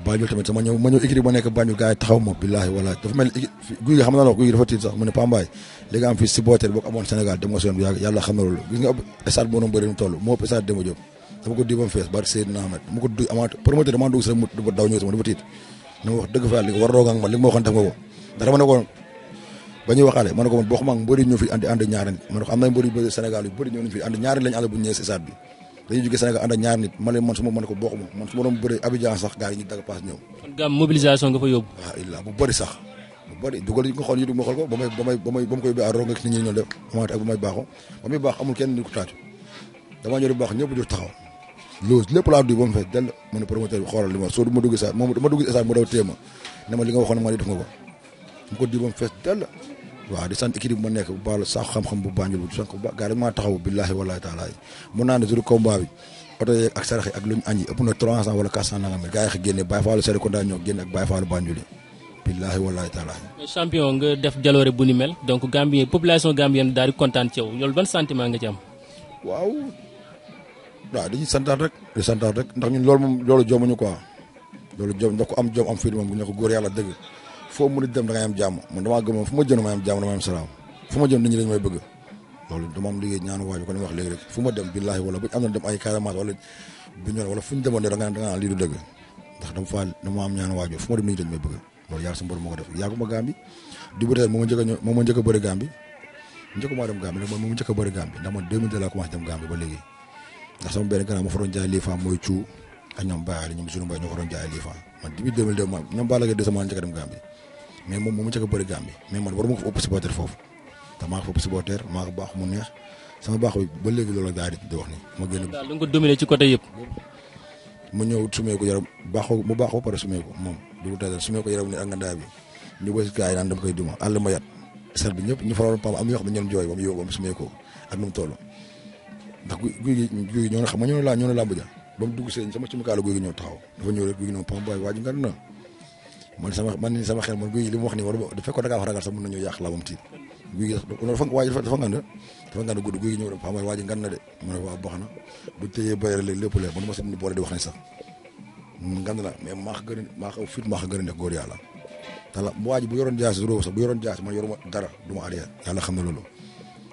Banjul tamit sama ñëw ma ñëw équipe ma nekk Banjul gaa yi taxaw ma billaahi wallaahi dafa mel guy gi xam na la guy gi dafa tiit sax mu ne Pambaay li nga am fii supporter boo ko amoon Sénégal demoo seen yàlla xam na loolu gis nga stade moo doon bëri mu toll moo ëpp stade Demba Diop dama ko diw ba mu fees barke Seydina Ahmed dama ko du amaat promoteur damaa dugg si rek mu daw ñëw sama dafa tiit na ma wax dëgg fa yàlla li war dooga ak man li ma waxoon def nga ko ndax dama ne ko ba ñuy waxaale ma ne ko man boo xam ak mbëri ñoo fi andi ànd ñaari nit ma ne ko am na mbëri bëri Sénégal yu bëri ñoo nañ fi ànd ñaari nit lañu ànd bu ñëwee si stade bi dañuy jógee Sénégal ànd ak ñaari nit ma leen man su ma man ko boo xuma man su ma doon bëri Abidjan sax gars yi ñu daga paas ñëw kon gam mobilisation nga fa yóbbu waaw illa bu bëri sax bu bëri dugal yi nga xool yi dug ma xool ko ba may ba may ba may ba ma koy yóbbee àroo nga nit ñi ñoo def amaat ak bu may baaxo ba muy baax amul kenn nit ko taatu dama ñëw di baax ñëpp jur taxaw loolu lépp laa duy ba mu fees dell mu ne promoteur ma soo du ma dugg sa moom ma dugg sa mu li nga waxoon ma ne def nga ko mu duy ba fees dell waaw di sant xam-xam bu Banjul bu sant bu baax na 300 wala 400 nangam mel gars yi génne Baye Fallou Serekunda ñoo génne ak nga def kontaan ci waaw waaw dañuy santaat rek di santaat rek ndax ñun loolu moom loolu jomuñu loolu jom ndax ko am jom am fii moom bu ñu dëgg foo mën a dem da ngay am jàmm man gëm fu ma jëm damay am jàmm damay am salaam fu ma jëm nit ñi dañ may bëgg loolu dama am liggéey ñaanu waaju ko wax léegi rek fu ma dem billaahi wala wala bu ñu wala fu ñu demoon da nga da nga naan lii du dëgg ndax dama fa dama am ñaanu waaju fu ma dem bëgg loolu yàlla sama borom moo ko def yàgguma Gàmbi di bëte moo ma njëkk a ñëw moo ma a bëri Gàmbi njëkk maa dem Gàmbi moo ma njëkk a bëri Gàmbi ndax man 2000 laa commencé dem Gàmbi ba léegi ndax sama benn gànnaaw ma fa doon jaay lii faa mooy Thiou ak ñoom Baye Aliou ñoom sunu mbay ñoo fa doon jaay lii Ba la mais moom baax mu neex sama baax bi ba léegi loolu ko yaram baaxoo mu baaxoo pare sumeeku moom du ko teel sumeeku yaram ni ak ngandaay bi ñu bës gaa yi naan dama koy duma àll ma yat sel bi ñëpp ñu faroon pam am yoo xam ne ñoom jooy ba mu yow ba mu ak mu toll ndax guuy guuy ñoo xam nga ñoo la ñoo la làmb ja ba dugg seen sama ci mukaal guuy ñoo taxaw dafa ñoo rek guuy ñoo noonu pam baay waaju ngan na man sama man ni sama xel man guuy gi wax ni war da fekkoon da ngaa wax ragal sama ñoo yaax la bam làmbam tiit guy gi dafa waji fa dafa ngand dafa ngand gudd guuy ñoo ñëw pam baay waaju ngan na de mo wa baxna bu teye bayere léegi lepp le man ma si boole di wax ni sax ngand la mais ma gën ma xaw fit ma gën a nekk góor yàlla te bu yoron jaas du sax bu yoron jaas ma yoruma dara duma ariya arrière xamna xam loolu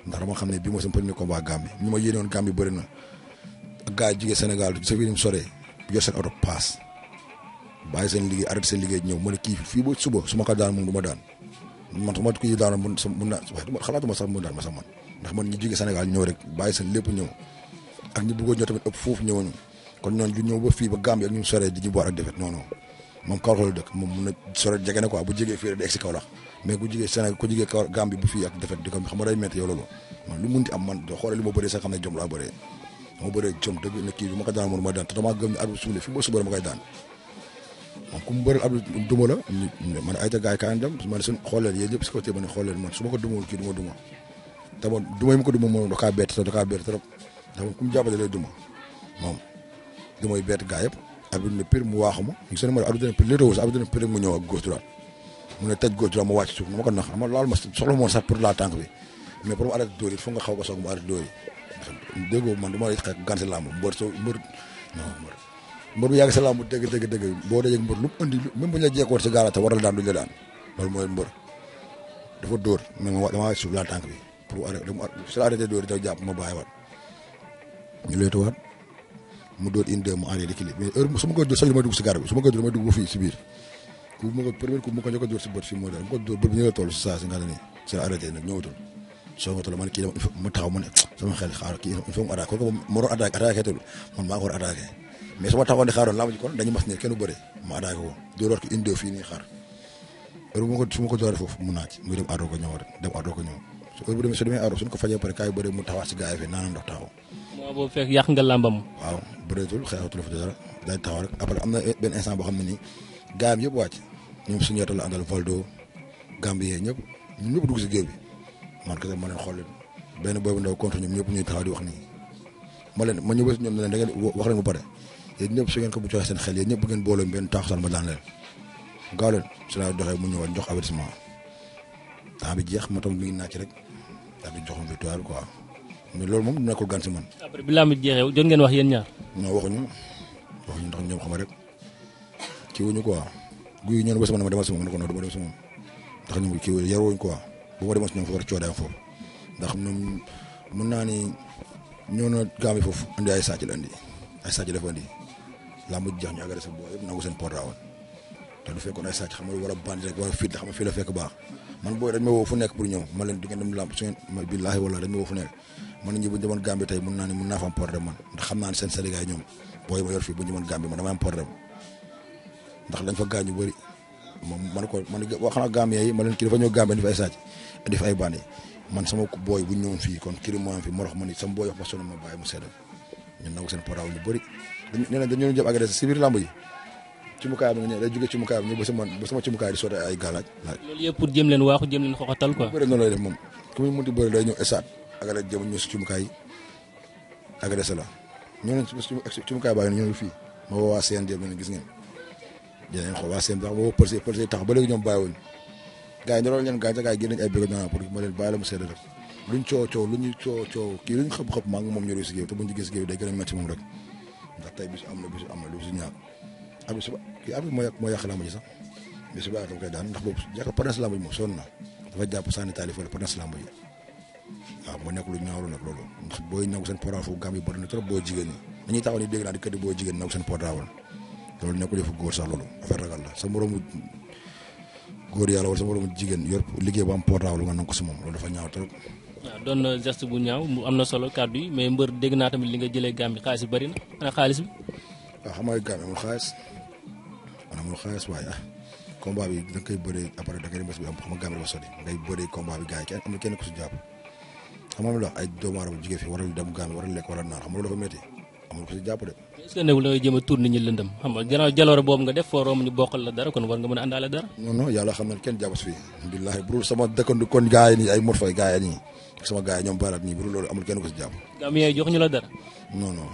ndax dama xam ne bii mooy sama premier combat Gambie ñu ma yéene woon Gambie bëri na ak gars yi jugee Sénégal sa mu soree yor oto paas bàyyi seen liggéey arrêté seen liggéey ñëw ma ne kii fii ba suba su ma ko daan moom du ma daan man su ma ko daan mun mun naa waaye xalaatuma sax mun daan ma sax man ndax man ñu jugee Sénégal ñëw rek bàyyi seen lépp ñëw ak ñu bëggoon ñëw tamit ëpp foofu ñëwoon kon ñooñu du ñëw ba fii ba Gambie ak ñu soree di ñu boor ak defet non non moom kaw xool dëkk moom mun na sore jege na ko bu jegee fii rek di egg si Kaolack mais ku jigee Sénégal ku jigee bu fii ak defet di ko xam nga man lu munti am man xoolee li ma bëree sax xam ne jom laa bëree ma bëree jom dëgg kii ma ko daan ma daan te damaa gëm ne arbitre fi ba suba ma koy daan la man ay ta gaay kaan ma ne xoolee man su ma ko kii du ma duma te man duma yi ma ko duma moom da kaa bett te da kaa bett trop ndax moom ku mu jàppale lay duma moom dumay bett gaa yëpp arbitre ne pire mu waaxu ma gis ma arbitre ne pire léegi sa arbitre ne mu ñëw mu ne tëj góor juróom ma wàcc suuf ma ko nax xam nga loolu ma soxla moon sax pour la tànk bi mais pour mu arrêté dóor yi foog nga xaw ko soog mu arrêté dóor yi déggoo man du ma xeex gànte làmb mbër so mbër non mbër mbër bu yàgg sa làmb dëgg dëgg dëgg boo dajee mbër lu mu andi même bu ñu la jekkoon si gaarata waral daan duñ la daan loolu mooy mbër dafa dóor mais ma dama wàcc suuf la tànk bi pour arrêté su la arrêté dóor yi dafa jàpp ma bàyyi waat ñu lay tuwaat mu dóor indi mu arrêté kili mais heure su ma ko dóor sax dama dugg si gaar bi su ma koy dóor dama dugg ba fii si biir coup bu ma ko premier coup bu ma ko njëkk a dóor si bët fii moo dal ma ko dóor bët bi ñu la toll si saa si nga ne nii si la arrêté nag ñëwatul soo ma toll man kii ma taxaw ma ne sama xel xaar kii il faut mu attaqué kooku ma war a attaqué attaqué tul man maa ko war a attaqué mais su ma taxawoon di xaaroon laa ma ji kon dañu mas ne kenn bëri ma attaqué ko dóoraat ko indi fii nii xaar heure bu ma ko su ma ko dooree foofu mu naaj muy dem aaroo ko ñëw rek dem aaroo ko ñëw heure bu demee su demee aaroo suñ ko fajee pare kaay bëri mu taxawaat si gars yi fii naanam ndox taxaw waaw boobu fekk yàq nga làmbam. waaw bëreetul xeexatul fa dara day taxaw rek après am na benn instant boo xam ne nii gaayam yëpp wàcc ñoom si yàlla la àndal Valdo Gambie ñëpp ñun ñëpp dugg si géew bi man kese ma leen xool leen benn boobu ndaw contre ñëpp ñuy taxaw di wax nii ma leen ma ñëw si ñoom ne leen da ngeen wax leen ba pare yéen ñëpp su ngeen seen xel yéen ñëpp bu ngeen booloo benn taaxu ma daan leen gaa leen si laa joxee mu ñëwaat jox avertissement temps bi jeex ma tam mi ngi nàcc rek daal di jox ma victoire bi quoi loolu moom du nekkul gan si man. après bi laa mujj jeexee jot ngeen wax yéen ñaar. non waxuñu waxuñu ndax ñoom xam rek ci wuñu quoi guy ñoom wasuma ne ma demal si moom ma ne ko non du ma dem si naa ni na gaam yi foofu andi ay sàcc la andi ay sàcc la fa andi làmb ji jeex ñu agressé boo yëpp nangu seen portable te du fekkoon a bandi rek war a fit xam nga fii man booy dañ ma woo fu nekk pour ñëw ma leen di ngeen dem làmb su ngeen wala dañ ma woo fu man ñi bu ñu naa ne mën naa fa am problème man ndax xam naa ne seen Sénégal ma yor fii bu ñu demoon Gambie ndax lañ fa gañu bari moom man ko man waxna gamé yi man len ki dafa ñu gamé ni fay ay sàcc di fa ay man sama ko boy bu ñëwoon fi kon kiri mo am fi morox man sama boy wax ba sonu ma bàyyi mu sédal ñu naw seen paraaw ñu bari neena dañu ñu jëm agressé ci bir lamb yi ci mu bi ne day jóge ci mu bi ñu bu sama bu sama ci mukaay di sote ay galaj lool yépp pour jëm len waxu jëm leen xoxatal quoi bari noonu lay def mom ku muy munti bëri day ñëw esaat agressé jëm ñu ci mu kaay agressé la ñu ñu ci mu kaay baa ñu fi fii wa woo jëm ñu gis ngeen dinañ xool waa seen ndax boo pëlsee pëlsee tax ba léegi ñoom bàyyiwuñ gars yi ndarool leen gaañ sax gars yi moom a métti moom rek ndax tey bisu am na bisu am na lu si ñaar abi suba kii abi moo yàq moo yàq lamb ji sax mais na dafa jàpp sànni taali na di kër di boo jigéen nangu portable loolu nekkul yëfu góor sax loolu affaire ragal la sa moromu góor yàlla wala sa moromu jigéen yor liggéey ba am portable nga nangu ko si moom loolu dafa ñaaw trop. waaw na geste bu ñaaw mu am na solo kàddu yi mais mbër dégg naa tamit li nga jëlee gàmm bi xaalis bi bëri na ana xaalis bi. waaw xam nga gàmm amul xaalis man amul xaalis waaye ah combat bi da nga koy bëree après da nga dem ngay bëree combat bi gars yi kenn amul ku si jàpp xam nga lu ma wax ay fi waral dem gàmm waral lekk waral naan loolu dafa métti amul ku si jàpp de est-ce que newul da ngay jéem a tuur nit ñi lëndëm xam nga gannaaw jaloore boobu nga def foo romb ñu no, la dara kon war nga mën a dara non non billahi burul sama dëkkandu kon gaay ni ay mor fay gaay ni sama gaay ñoom barat ni burul loolu amul kenn ko ci jàpp gambien jox ñu la dara non non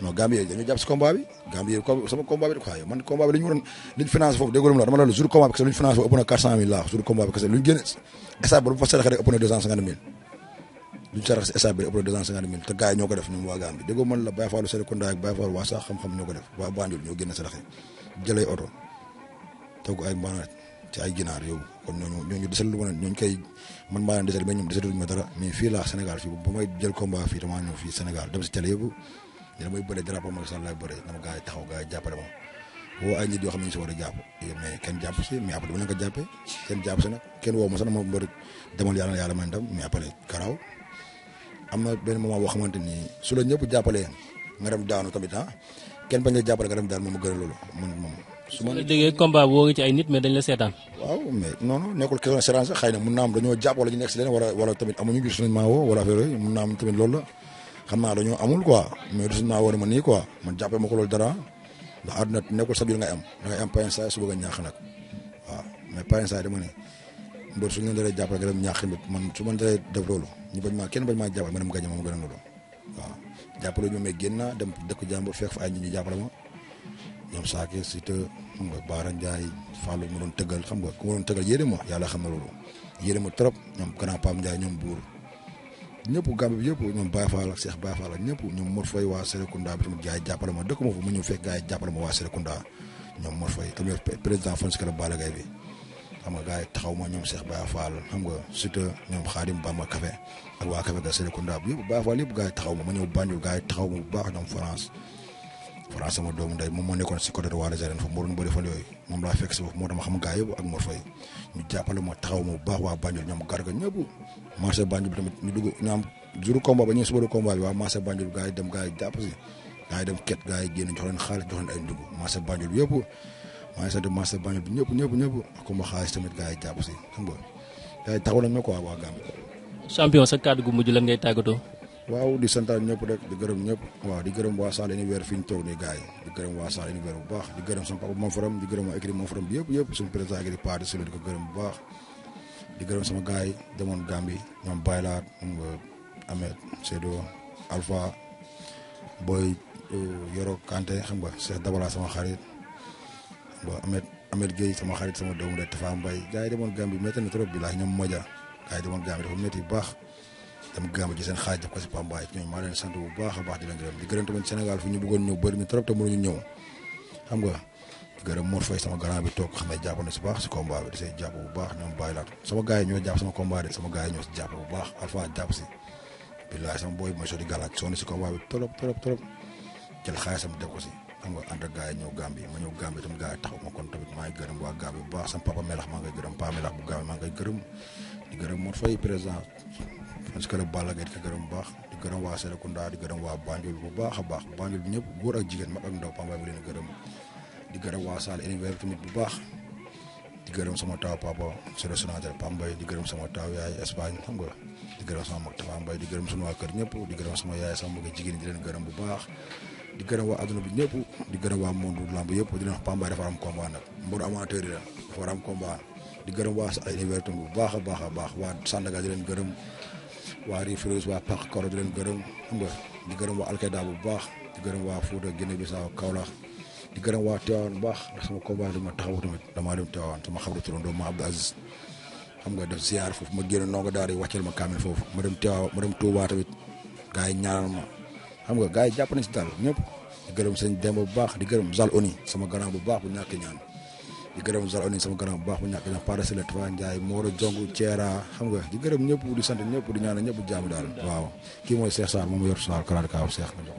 non kombabi? dañu jàpp ci combat bi sama combat bi quoi man combat bi dañu waroon liñ finance foofu déggoolum la dama la jour combat bi kese luñ finance foofu ëpp na 400 000 la jour combat bi kese luñ génne fa ëpp na duñ sarax si stade bi ëpp na deux cent cinquante mille te gars yi ñoo ko def ñun waa Gambie déggoo man la Baye Fallou Serekunda ak Baye Fallou waa sax xam-xam ñoo ko def waa Banjul ñoo génn sarax yi jëlay oto togg ay mbaana ci ay ginaar yow kon ñooñu ñooñu desalu ma ñooñu koy man maa leen desal mais ñoom desaluñu ma dara mais fii laa Sénégal fii ba may jël combat fii damaa ñëw fii Sénégal dem si télé yëpp ne damay bëre drapeau Macky Sall laay bëre dama gars yi taxaw gars yi jàppale ma woo ay nit yoo xam ne ñu si war a jàpp mais kenn jàpp si mais après dama leen ko jàppee kenn jàpp si nag kenn woo ma sax dama mbër demal yàlla yàlla may ndam mais après karaw am na benn moment boo xamante ni su la ñëpp jàppalee nga dem daanu tamit ah kenn bañ la jàppale nga dem daanu moom mu gën a loolu moom. su ma la déggee combat woo nga ci ay nit mais dañ la seetaan. waaw mais non non nekkul na mun naa am dañoo jàpp wala nekk si wala wala tamit am tamit loolu la naa dañoo amul quoi mais gis naa woo ma nii quoi man jàppee ma ko loolu dara ndax àdduna nekkul sa biir ngay am da ngay am pain saa suba nga ñaax nag waaw mais pain saa dama ne mbër su ñu la dooree ñaax nit man su ma dooree def loolu ñu bañ maa kenn bañ maa jàppale ma dem gañe moom gën génn naa dem dëkk jàmbur fekk fa ay nit ñu jàppale ma ñoom saake surtout xam nga Baara Ndiaye Fallou ma doon tëggal xam nga ku ma doon tëggal yéene yàlla xam na loolu yéene ma trop ñoom grand Pam Ndiaye ñoom buur ñëpp Gambie bi yëpp ñoom Baye Fall ak Cheikh Baye Fall ñëpp ñoom Mor Faye waa Serekunda bi yi jàppale ma dëkk ma fa ma ñëw fekk yi jàppale ma waa Serekunda ñoom Mor Faye tamit président Fane Sikala bi xam nga gars yi taxaw ma ñoom Cheikh Baye Fall xam nga surtout ñoom Xaadim Bamba Café ak waa Café ga Serekunda bi yëpp Baye Fall yëpp gars yi taxaw ma ma ñëw Banjul gars yi taxaw ma bu baax ñoom France France sama doomu ndey moom moo nekkoon si côté de waa Réserve fa moo doon bëri fan yooyu moom laa fekk si foofu moo dama xam gars yëpp ak ma fay ñu jàppale ma taxaw ma bu baax waa Banjul ñoom garga ñëpp marché Banjul bi tamit ñu dugg ñu am jour combat ba ñu suba du combat bi waa marché Banjul gars yi dem gars yi jàpp si gars yi dem ket gars yi génn jox leen xaalis jox leen ay ndugg marché Banjul yëpp maa ngi sant marché Banjul bi ñëpp ñëpp ñëpp ku ma xaalis tamit gars yi jàpp si xam nga gars yi taxaw nañ ma quoi waa Gambie. champion sa kàddu gu mujj lan ngay tàggatoo. waaw di santaat ñëpp rek di gërëm ñëpp waaw di gërëm waa Saal univers fi ñu toog nii gars yi di gërëm waa Saal univers bu baax di gërëm sama papa moom faram di gërëm waa écrit moom faram bi yëpp di gërëm bu baax di gërëm sama gars yi demoon Gambie ñoom Baylaat Ahmed Seydou Alpha Boy euh, Yoro Kanté xam nga Cheikh Dabala sama xarit ba Amet Amet Gueye sama xarit sama doomu de Tafa Mbaye gars yi demoon Gambie métti na dem Gambie a baax di leen gërëm di gërëm te mënuñu ñëw xam nga gërëm Mor Faye sama grand bi toog xam ne si baax si bu baax ñoom bàyyi laat sama gars yi ñoo jàpp sama combat de sama gars yi ñoo si jàpp bu baax alpha jàpp si bilaay sama ma soti galaaj sonn si combat bi trop trop trop jël xaalisam def ko si xam nga ànd ak gars yi Gambie ma ñëw Gambie tam gars yi ma kon tamit maa gërëm waa Gambie bu baax sama papa melax ma ngay gërëm pa melax bu Gambie ma ngay gërëm di gërëm mo fay président parce que Balla gëd ka gërëm bu baax di gërëm waa Serekunda di gërëm wa Banjul bu baax baax Banjul ñëpp goor ak jigen ma ak ndaw pa bu leen gërëm di gërëm waa Sall Univers tamit bu baax di gërëm sama taw papa sere pa pambay di gërëm sama taw yaay Espagne xam nga di gërëm sama mag tafa mbay di gërëm sunu wa kër ñëpp di gërëm sama yaay sama mag jigen di leen gërëm bu baax di gërëm waa adduna bi ñëpp di gërëm waa monde lamb yëpp di leen wax Pambaay dafa am combat nag mbiru amateur yi la dafa am combat di gërëm waa ay université bu baax a baax a baax waa Sandaga di leen gërëm waa Rufisque waa Pàcc Koro di leen gërëm xam nga di gërëm waa Alkaida bu baax di gërëm waa Fouta Guinée Bissau Kaolack di gërëm waa Tivaouane bu baax ndax sama combat bi ma taxawu tamit damaa dem Tivaouane sama xabru turandoo ma Abdou Aziz xam nga def ziar foofu ma génn nonga daara yi wàccal ma kaamil foofu ma dem Tivaouane ma dem Touba tamit gars yi ñaanal xam nga gaay yi jàpp nañ si dal ñëpp di gërëm sëñ Demba bu baax di gërëm Zal Oni sama grand bu baax bu ñàkk ñaan di gërëm Zal Oni sama grand bu baax bu ñàkk ñaan Pare Sele Tufa Ndiaye Moro Jong Thiera xam nga di gërëm ñëpp di sant ñëpp di ñaan ñëpp jaamu daal waaw kii mooy Cheikh sar moom yor sar kalaat kaaw Cheikh nga jox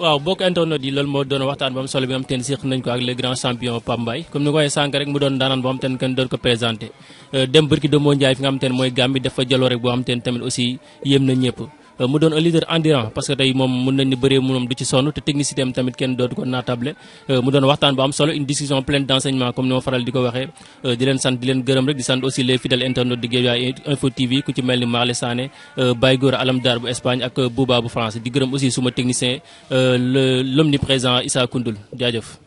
waaw bokk internet yi lol moo doon waxtaan bu am solo bi am ten siq nañ ko ak le grand champion Pape mbay comme ni ko waxee sànq rek mu doon daanaan bu am ten kenn doon ko présenté eh, dem barki de mo njaay fi nga am ten mooy gambi dafa jëloo rek boo am ten tamit aussi yem na ñëpp Euh, mu doon un leader endurant parce que tey moom mën nañ ni bëree moom du ci sonn te technicité tamit kenn dootu ko naatable euh, mu doon waxtaan bu am solo une discussion pleine d' comme ni ma faral di ko waxee euh, di leen sant di leen gërëm rek di sant aussi les fidèles internautes di Guédiawaye Info TV ku ci mel ni Marley Sané Baye Gora Alamdar bu Espagne ak Bouba bu France di gërëm aussi suma technicien l'omniprésent Issa Koundoul jaajëf